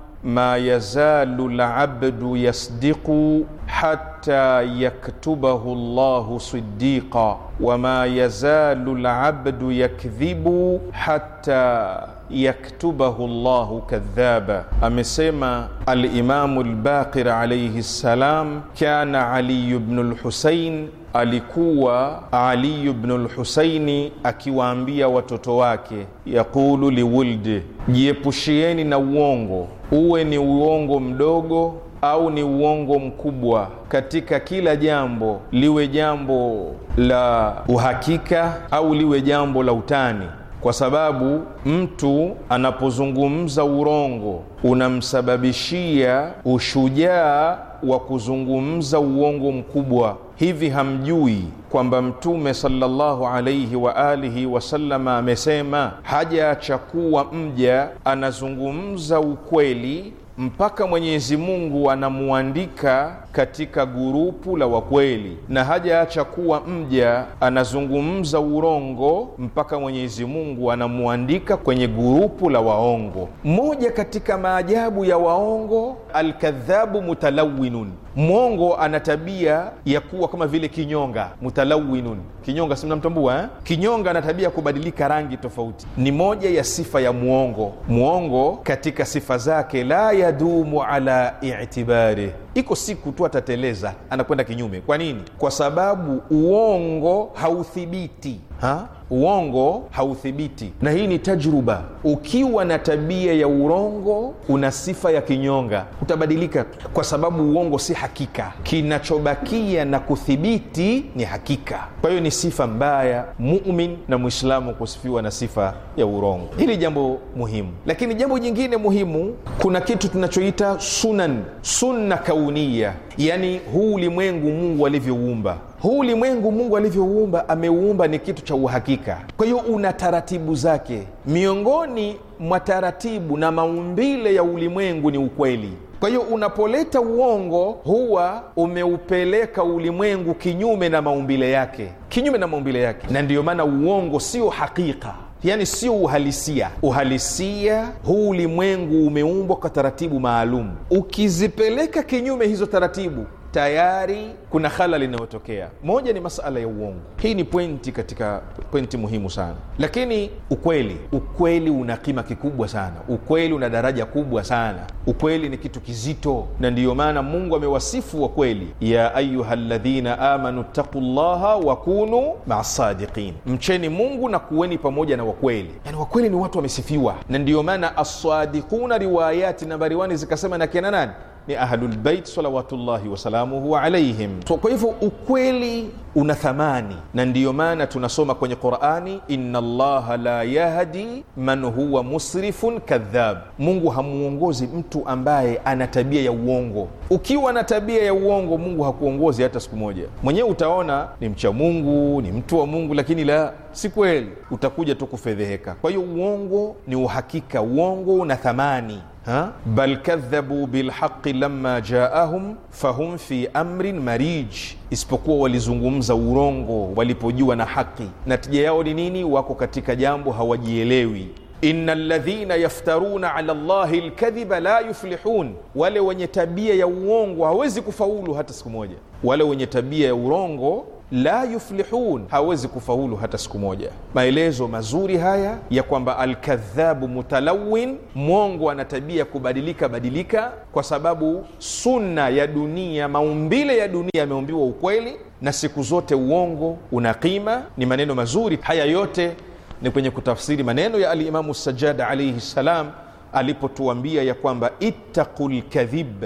ma yazalu labdu yasdiqu hatta yaktubahu llahu siddiqa wama yazalu labdu yakdhibu hatta yaktubahu llahu kadhaba. Amesema Alimamu Lbaqir alaihi ssalam, kana Aliyu bnu Lhusain, alikuwa Aliyu bnu Lhusaini akiwaambia watoto wake, yaqulu liwuldi, jiepushieni na uongo uwe ni uongo mdogo au ni uongo mkubwa, katika kila jambo, liwe jambo la uhakika au liwe jambo la utani, kwa sababu mtu anapozungumza urongo unamsababishia ushujaa wa kuzungumza uongo mkubwa. Hivi hamjui kwamba Mtume sallallahu alaihi wa alihi wasallama amesema, haja kuwa mja anazungumza ukweli mpaka Mwenyezi Mungu anamuandika katika gurupu la wakweli, na hajaacha kuwa mja anazungumza urongo mpaka Mwenyezi Mungu anamwandika kwenye gurupu la waongo. Moja katika maajabu ya waongo, alkadhabu mutalawinun, mwongo ana tabia ya kuwa kama vile kinyonga. Mutalawinun, kinyonga, si mnamtambua eh? Kinyonga ana tabia ya kubadilika rangi tofauti, ni moja ya sifa ya mwongo. Mwongo katika sifa zake, la yadumu ala itibari iko siku tu atateleza, anakwenda kinyume. Kwa nini? Kwa sababu uongo hauthibiti ha? uongo hauthibiti, na hii ni tajruba. Ukiwa na tabia ya urongo, una sifa ya kinyonga, utabadilika kwa sababu uongo si hakika. Kinachobakia na kuthibiti ni hakika. Kwa hiyo ni sifa mbaya mumin na mwislamu kusifiwa na sifa ya urongo. Hili jambo muhimu, lakini jambo jingine muhimu, kuna kitu tunachoita sunan, sunna kaunia, yani huu ulimwengu Mungu alivyouumba huu ulimwengu Mungu alivyouumba, ameuumba ni kitu cha uhakika kadhalika. Kwa hiyo una taratibu zake. Miongoni mwa taratibu na maumbile ya ulimwengu ni ukweli. Kwa hiyo unapoleta uongo, huwa umeupeleka ulimwengu kinyume na maumbile yake, kinyume na maumbile yake, na ndiyo maana uongo sio hakika Yani sio uhalisia. Uhalisia huu ulimwengu umeumbwa kwa taratibu maalum. Ukizipeleka kinyume hizo taratibu, tayari kuna halali inayotokea. Moja ni masala ya uongo. Hii ni pointi katika pointi muhimu sana, lakini ukweli, ukweli una kima kikubwa sana, ukweli una daraja kubwa sana, ukweli ni kitu kizito, na ndiyo maana Mungu amewasifu wa kweli, ya ayuha ladhina amanu ttaqu llaha wakunu maa sadiqin, mcheni Mungu na kuweni pamoja na wakweli. Yani wakweli ni watu wamesifiwa, na ndiyo maana asadiuna riwayati nambari wani zikasema na kina nani ni ahlulbeit salawatullahi wasalamuhu alaihim. So, kwa hivyo ukweli una thamani, na ndiyo maana tunasoma kwenye Qurani, inna llaha la yahdi man huwa musrifun kadhab, Mungu hamuongozi mtu ambaye ana tabia ya uongo. Ukiwa na tabia ya uongo, Mungu hakuongozi hata siku moja. Mwenyewe utaona ni mcha Mungu, ni mtu wa Mungu, lakini la si kweli, utakuja tu kufedheheka. Kwa hiyo uongo ni uhakika, uongo una thamani. Ha? bal kadhabu bilhaqi lama jaahum fahum fi amrin marij, isipokuwa walizungumza urongo walipojua na haki, na tija yao ni nini? Wako katika jambo hawajielewi. Inna ladhina yaftaruna ala llahi lkadhiba la yuflihun, wale wenye tabia ya uongo hawezi kufaulu hata siku moja. Wale wenye tabia ya urongo la yuflihun, hawezi kufaulu hata siku moja. Maelezo mazuri haya ya kwamba alkadhabu mutalawin, mwongo ana tabia kubadilika badilika, kwa sababu sunna ya dunia, maumbile ya dunia yameumbiwa ukweli, na siku zote uongo una qima. Ni maneno mazuri haya, yote ni kwenye kutafsiri maneno ya Alimamu Sajjad alaihi ssalam alipotuambia ya kwamba ittaqu lkadhib,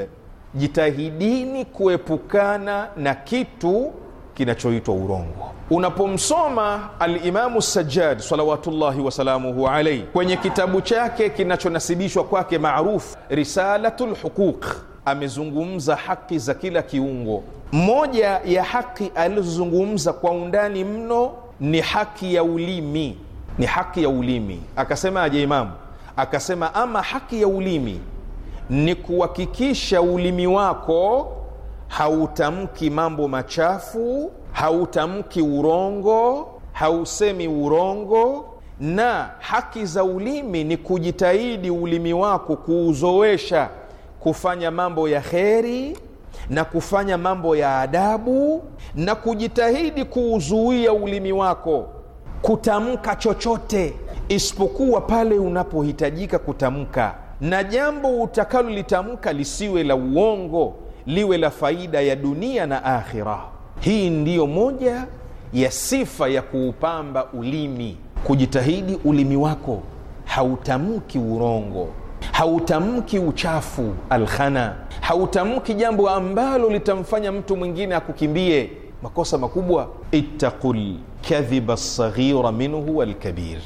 jitahidini kuepukana na kitu kinachoitwa urongo. Unapomsoma Alimamu Sajjad salawatullahi wasalamuhu alaihi kwenye kitabu chake kinachonasibishwa kwake maarufu Risalatu lhuquq, amezungumza haki za kila kiungo. Moja ya haki alizozungumza kwa undani mno ni haki ya ulimi, ni haki ya ulimi. Akasema aje Imamu? Akasema ama haki ya ulimi ni kuhakikisha ulimi wako hautamki mambo machafu, hautamki urongo, hausemi urongo na haki za ulimi ni kujitahidi ulimi wako kuuzoesha kufanya mambo ya kheri na kufanya mambo ya adabu, na kujitahidi kuuzuia ulimi wako kutamka chochote isipokuwa pale unapohitajika kutamka, na jambo utakalolitamka lisiwe la uongo liwe la faida ya dunia na akhira. Hii ndiyo moja ya sifa ya kuupamba ulimi, kujitahidi ulimi wako hautamki urongo, hautamki uchafu, alkhana, hautamki jambo ambalo litamfanya mtu mwingine akukimbie. Makosa makubwa. Ittaqul kadhiba lsaghira minhu walkabir,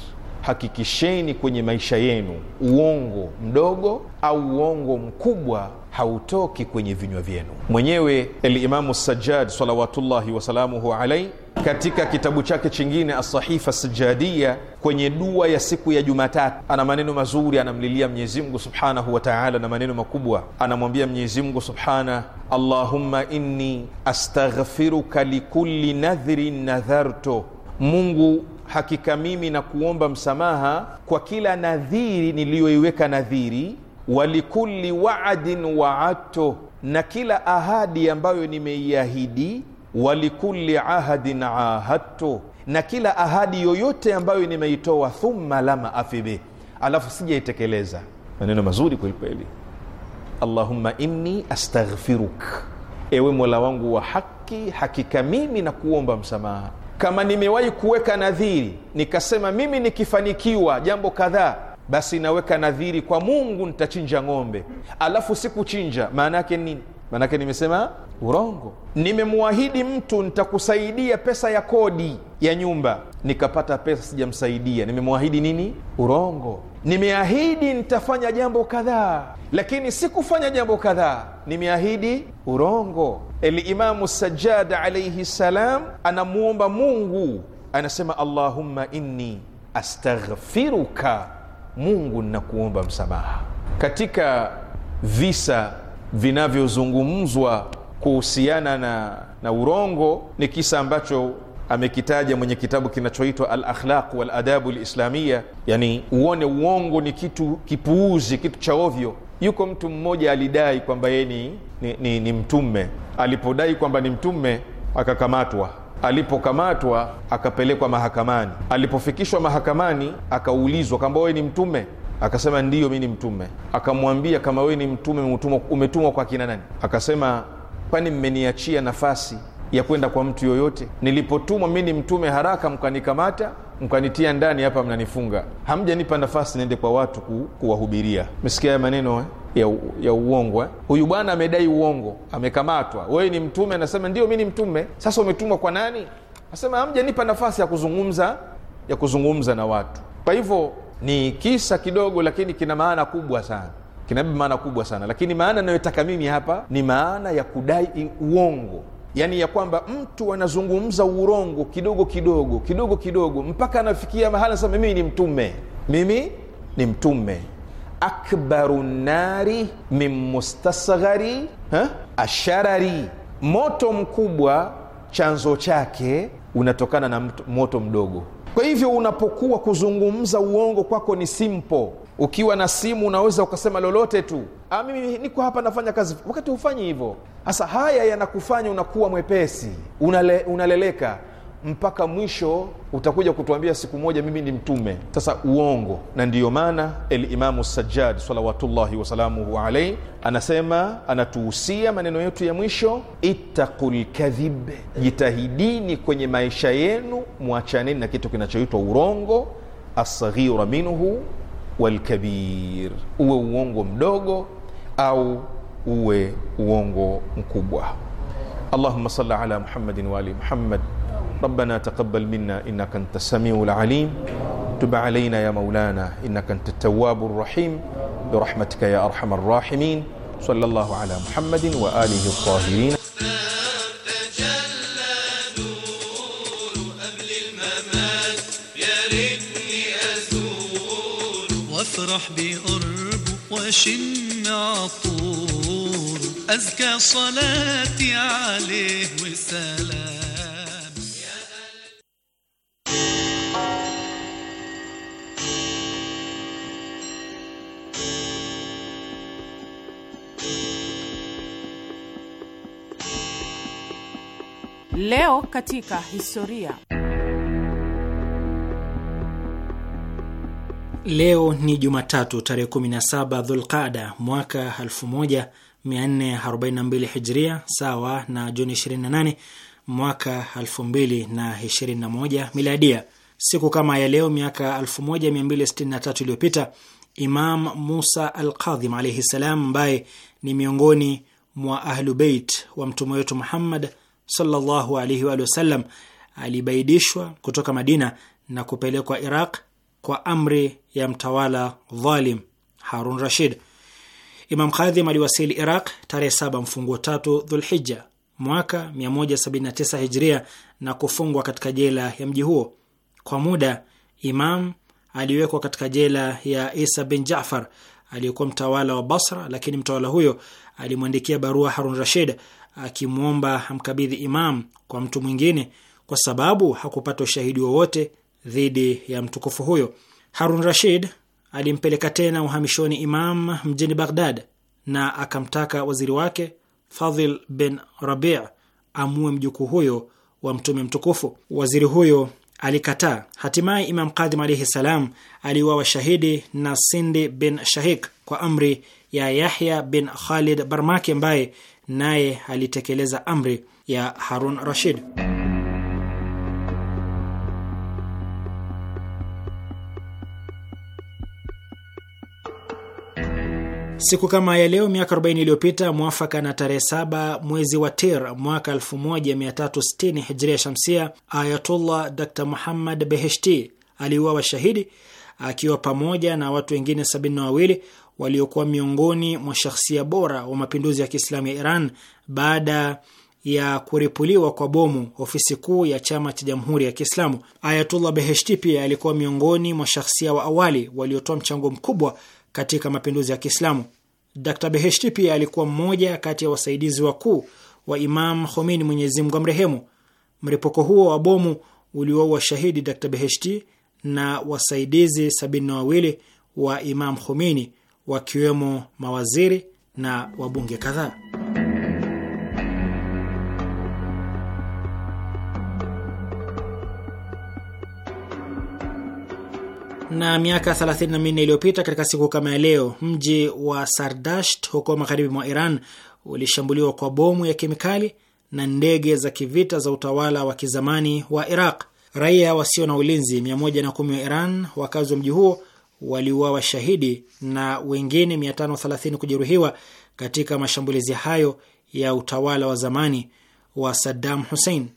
hakikisheni kwenye maisha yenu uongo mdogo au uongo mkubwa hautoki kwenye vinywa vyenu. Mwenyewe Alimamu Sajjad salawatullahi wasalamuhu alaihi katika kitabu chake chingine Asahifa Sajadia, kwenye dua ya siku ya Jumatatu ana maneno mazuri, anamlilia Mwenyezi Mungu subhanahu wa taala na maneno makubwa, anamwambia Mwenyezi Mungu subhana, allahumma inni astaghfiruka likulli nadhrin nadharto, Mungu hakika mimi na kuomba msamaha kwa kila nadhiri niliyoiweka nadhiri walikulli waadin waadto, na kila ahadi ambayo nimeiahidi. walikuli ahadin ahadto, na kila ahadi yoyote ambayo nimeitoa. Thumma lama afibi, alafu sijaitekeleza. Maneno mazuri kwelikweli. Allahumma inni astaghfiruk, ewe mola wangu wa haki, hakika mimi na kuomba msamaha. Kama nimewahi kuweka nadhiri nikasema mimi nikifanikiwa jambo kadhaa basi naweka nadhiri kwa Mungu nitachinja ng'ombe, alafu sikuchinja, maana yake nini? Maana yake nimesema urongo. Nimemwahidi mtu nitakusaidia pesa ya kodi ya nyumba, nikapata pesa, sijamsaidia. Nimemwahidi nini? Urongo. Nimeahidi nitafanya jambo kadhaa, lakini sikufanya jambo kadhaa, nimeahidi urongo. elimamu Sajjad alaihi ssalam anamwomba Mungu, anasema allahumma inni astaghfiruka Mungu ninakuomba msamaha. Katika visa vinavyozungumzwa kuhusiana na, na urongo ni kisa ambacho amekitaja mwenye kitabu kinachoitwa alakhlaq Waladabu Lislamia, yani uone uongo ni kitu kipuuzi, kitu cha ovyo. Yuko mtu mmoja alidai kwamba yeye ni, ni, ni, ni mtume. Alipodai kwamba ni mtume akakamatwa Alipokamatwa akapelekwa mahakamani. Alipofikishwa mahakamani, akaulizwa kwamba wewe ni mtume Akasema ndiyo, mi ni mtume. Akamwambia, kama wewe ni mtume, umetumwa kwa kina nani? Akasema, kwani mmeniachia nafasi ya kwenda kwa mtu yoyote? Nilipotumwa mi ni mtume, haraka mkanikamata, mkanitia ndani hapa, mnanifunga, hamjanipa nafasi niende kwa watu ku, kuwahubiria. Mesikia haya maneno eh? ya, ya uongo eh? Huyu bwana amedai uongo, amekamatwa. Wewe ni mtume? Anasema ndio, mi ni mtume. Sasa umetumwa kwa nani? Anasema hamjanipa nafasi ya kuzungumza, ya kuzungumza na watu. Kwa hivyo ni kisa kidogo, lakini kina maana kubwa sana kinabeba maana kubwa sana lakini maana anayotaka mimi hapa ni maana ya kudai uongo, yaani ya kwamba mtu anazungumza urongo kidogo kidogo kidogo kidogo mpaka anafikia mahala sema mimi ni mtume, mimi ni mtume akbaru nari min mustasghari asharari, moto mkubwa chanzo chake unatokana na moto mdogo. Kwa hivyo unapokuwa kuzungumza uongo kwako ni simple. Ukiwa na simu unaweza ukasema lolote tu, ah, mimi niko hapa nafanya kazi, wakati hufanyi hivyo. Sasa haya yanakufanya unakuwa mwepesi, unale, unaleleka mpaka mwisho utakuja kutuambia siku moja mimi ni mtume. Sasa uongo. Na ndiyo maana Elimamu Sajjad salawatullahi wasalamuhu alaihi anasema, anatuhusia maneno yetu ya mwisho, ittaqu lkadhib, jitahidini kwenye maisha yenu, mwachaneni na kitu kinachoitwa urongo, asghira minhu walkabir, uwe uongo mdogo au uwe uongo mkubwa. Allahumma salli ala Muhammadin wa ali Muhammad ربنا تقبل منا انك انت السميع العليم تب علينا يا مولانا انك انت التواب الرحيم برحمتك يا ارحم الراحمين صلى الله على محمد واله الطاهرين وافرح بقرب واشن عطور أزكى صلاتي عليه وسلام Leo katika historia. Leo ni Jumatatu tarehe 17 Dhulqada mwaka 1442 Hijria, sawa na Juni 28 mwaka 2021 Miladia. Siku kama ya leo miaka 1263 iliyopita Imam Musa al qadhim alaihi ssalam, ambaye ni miongoni mwa Ahlubeit wa mtume wetu Muhammad sallallahu alaihi wa sallam alibaidishwa kutoka Madina na kupelekwa Iraq kwa amri ya mtawala dhalim Harun Rashid. Imam Kadhim aliwasili Iraq tarehe saba mfunguo tatu Dhulhija mwaka 179 Hijria na kufungwa katika jela ya mji huo. Kwa muda, Imam aliwekwa katika jela ya Isa bin Jafar aliyekuwa mtawala wa Basra, lakini mtawala huyo alimwandikia barua Harun Rashid akimwomba amkabidhi Imam kwa mtu mwingine kwa sababu hakupata ushahidi wowote dhidi ya mtukufu huyo. Harun Rashid alimpeleka tena uhamishoni Imam mjini Baghdad na akamtaka waziri wake Fadhil bin Rabi amue mjukuu huyo wa mtume mtukufu. Waziri huyo alikataa. Hatimaye Imam Kadhim alaihi salam aliuawa shahidi na Sindi bin Shahik kwa amri ya Yahya bin Khalid Barmaki ambaye naye alitekeleza amri ya Harun Rashid. Siku kama ya leo miaka 40 iliyopita mwafaka na tarehe 7 mwezi wa Tir mwaka 1360 hijria shamsia, Ayatullah Dr Muhammad Beheshti aliuawa shahidi akiwa pamoja na watu wengine sabini na wawili waliokuwa miongoni mwa shahsia bora wa mapinduzi ya Kiislamu ya Iran baada ya kuripuliwa kwa bomu ofisi kuu ya chama cha Jamhuri ya Kiislamu. Ayatullah Beheshti pia alikuwa miongoni mwa shahsia wa awali waliotoa mchango mkubwa katika mapinduzi ya Kiislamu. Dr. Beheshti pia alikuwa mmoja kati ya wasaidizi wakuu wa Imam Khomeini, Mwenyezi Mungu amrehemu. mripuko huo wa bomu ulioua shahidi Dr. Beheshti na wasaidizi sabini na wawili wa Imam Khomeini wakiwemo mawaziri na wabunge kadhaa. Na miaka 34 iliyopita katika siku kama ya leo, mji wa Sardasht huko magharibi mwa Iran ulishambuliwa kwa bomu ya kemikali na ndege za kivita za utawala wa kizamani wa Iraq. Raia wasio na ulinzi 110 wa Iran, wakazi wa mji huo waliuawa shahidi na wengine 530 kujeruhiwa katika mashambulizi hayo ya utawala wa zamani wa Saddam Hussein.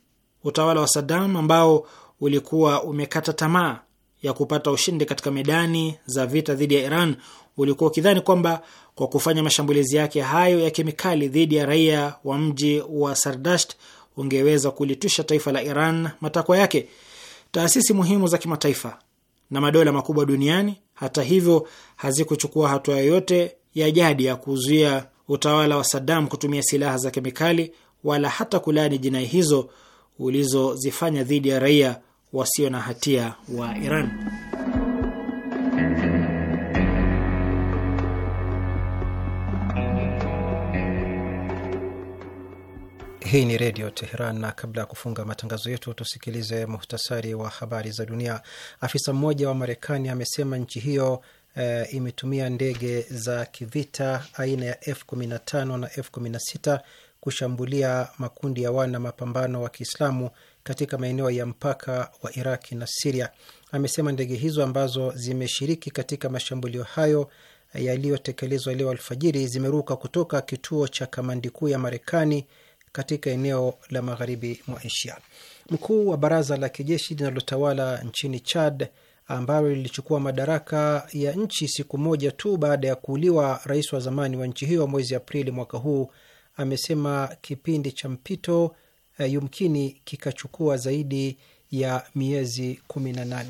Utawala wa Saddam ambao ulikuwa umekata tamaa ya kupata ushindi katika medani za vita dhidi ya Iran ulikuwa ukidhani kwamba kwa kufanya mashambulizi yake hayo ya kemikali dhidi ya raia wa mji wa Sardasht ungeweza kulitusha taifa la Iran matakwa yake. Taasisi muhimu za kimataifa na madola makubwa duniani hata hivyo, hazikuchukua hatua yoyote ya jadi ya kuzuia utawala wa Saddam kutumia silaha za kemikali wala hata kulaani jinai hizo ulizozifanya dhidi ya raia wasio na hatia wa Iran. Hii ni Redio Teheran, na kabla ya kufunga matangazo yetu tusikilize muhtasari wa habari za dunia. Afisa mmoja wa Marekani amesema nchi hiyo e, imetumia ndege za kivita aina ya F15 na F16 kushambulia makundi ya wana mapambano wa Kiislamu katika maeneo ya mpaka wa Iraki na Siria. Amesema ndege hizo ambazo zimeshiriki katika mashambulio hayo eh, yaliyotekelezwa leo alfajiri zimeruka kutoka kituo cha kamandi kuu ya Marekani katika eneo la magharibi mwa Asia. Mkuu wa baraza la kijeshi linalotawala nchini Chad ambalo lilichukua madaraka ya nchi siku moja tu baada ya kuuliwa rais wa zamani wa nchi hiyo mwezi Aprili mwaka huu amesema kipindi cha mpito eh, yumkini kikachukua zaidi ya miezi 18.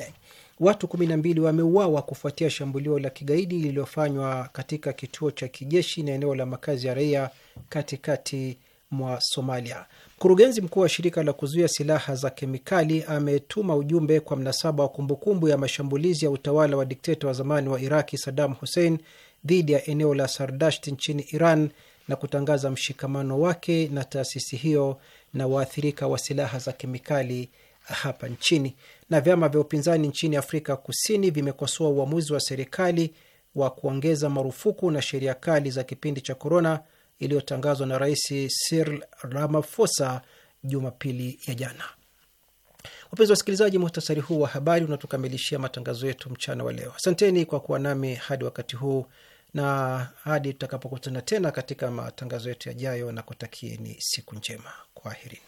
Watu 12 wameuawa kufuatia shambulio la kigaidi lililofanywa katika kituo cha kijeshi na eneo la makazi ya raia katikati mwa Somalia. Mkurugenzi mkuu wa shirika la kuzuia silaha za kemikali ametuma ujumbe kwa mnasaba wa kumbukumbu ya mashambulizi ya utawala wa dikteta wa zamani wa Iraki Saddam Hussein dhidi ya eneo la Sardasht nchini Iran na kutangaza mshikamano wake na taasisi hiyo na waathirika wa silaha za kemikali hapa nchini. Na vyama vya upinzani nchini Afrika Kusini vimekosoa uamuzi wa serikali wa kuongeza marufuku na sheria kali za kipindi cha korona iliyotangazwa na Rais Cyril Ramaphosa Jumapili ya jana. Wapenzi wasikilizaji, muhtasari huu wa habari unatukamilishia matangazo yetu mchana wa leo. Asanteni kwa kuwa nami hadi wakati huu na hadi tutakapokutana tena katika matangazo yetu yajayo, na kutakieni siku njema. Kwaherini.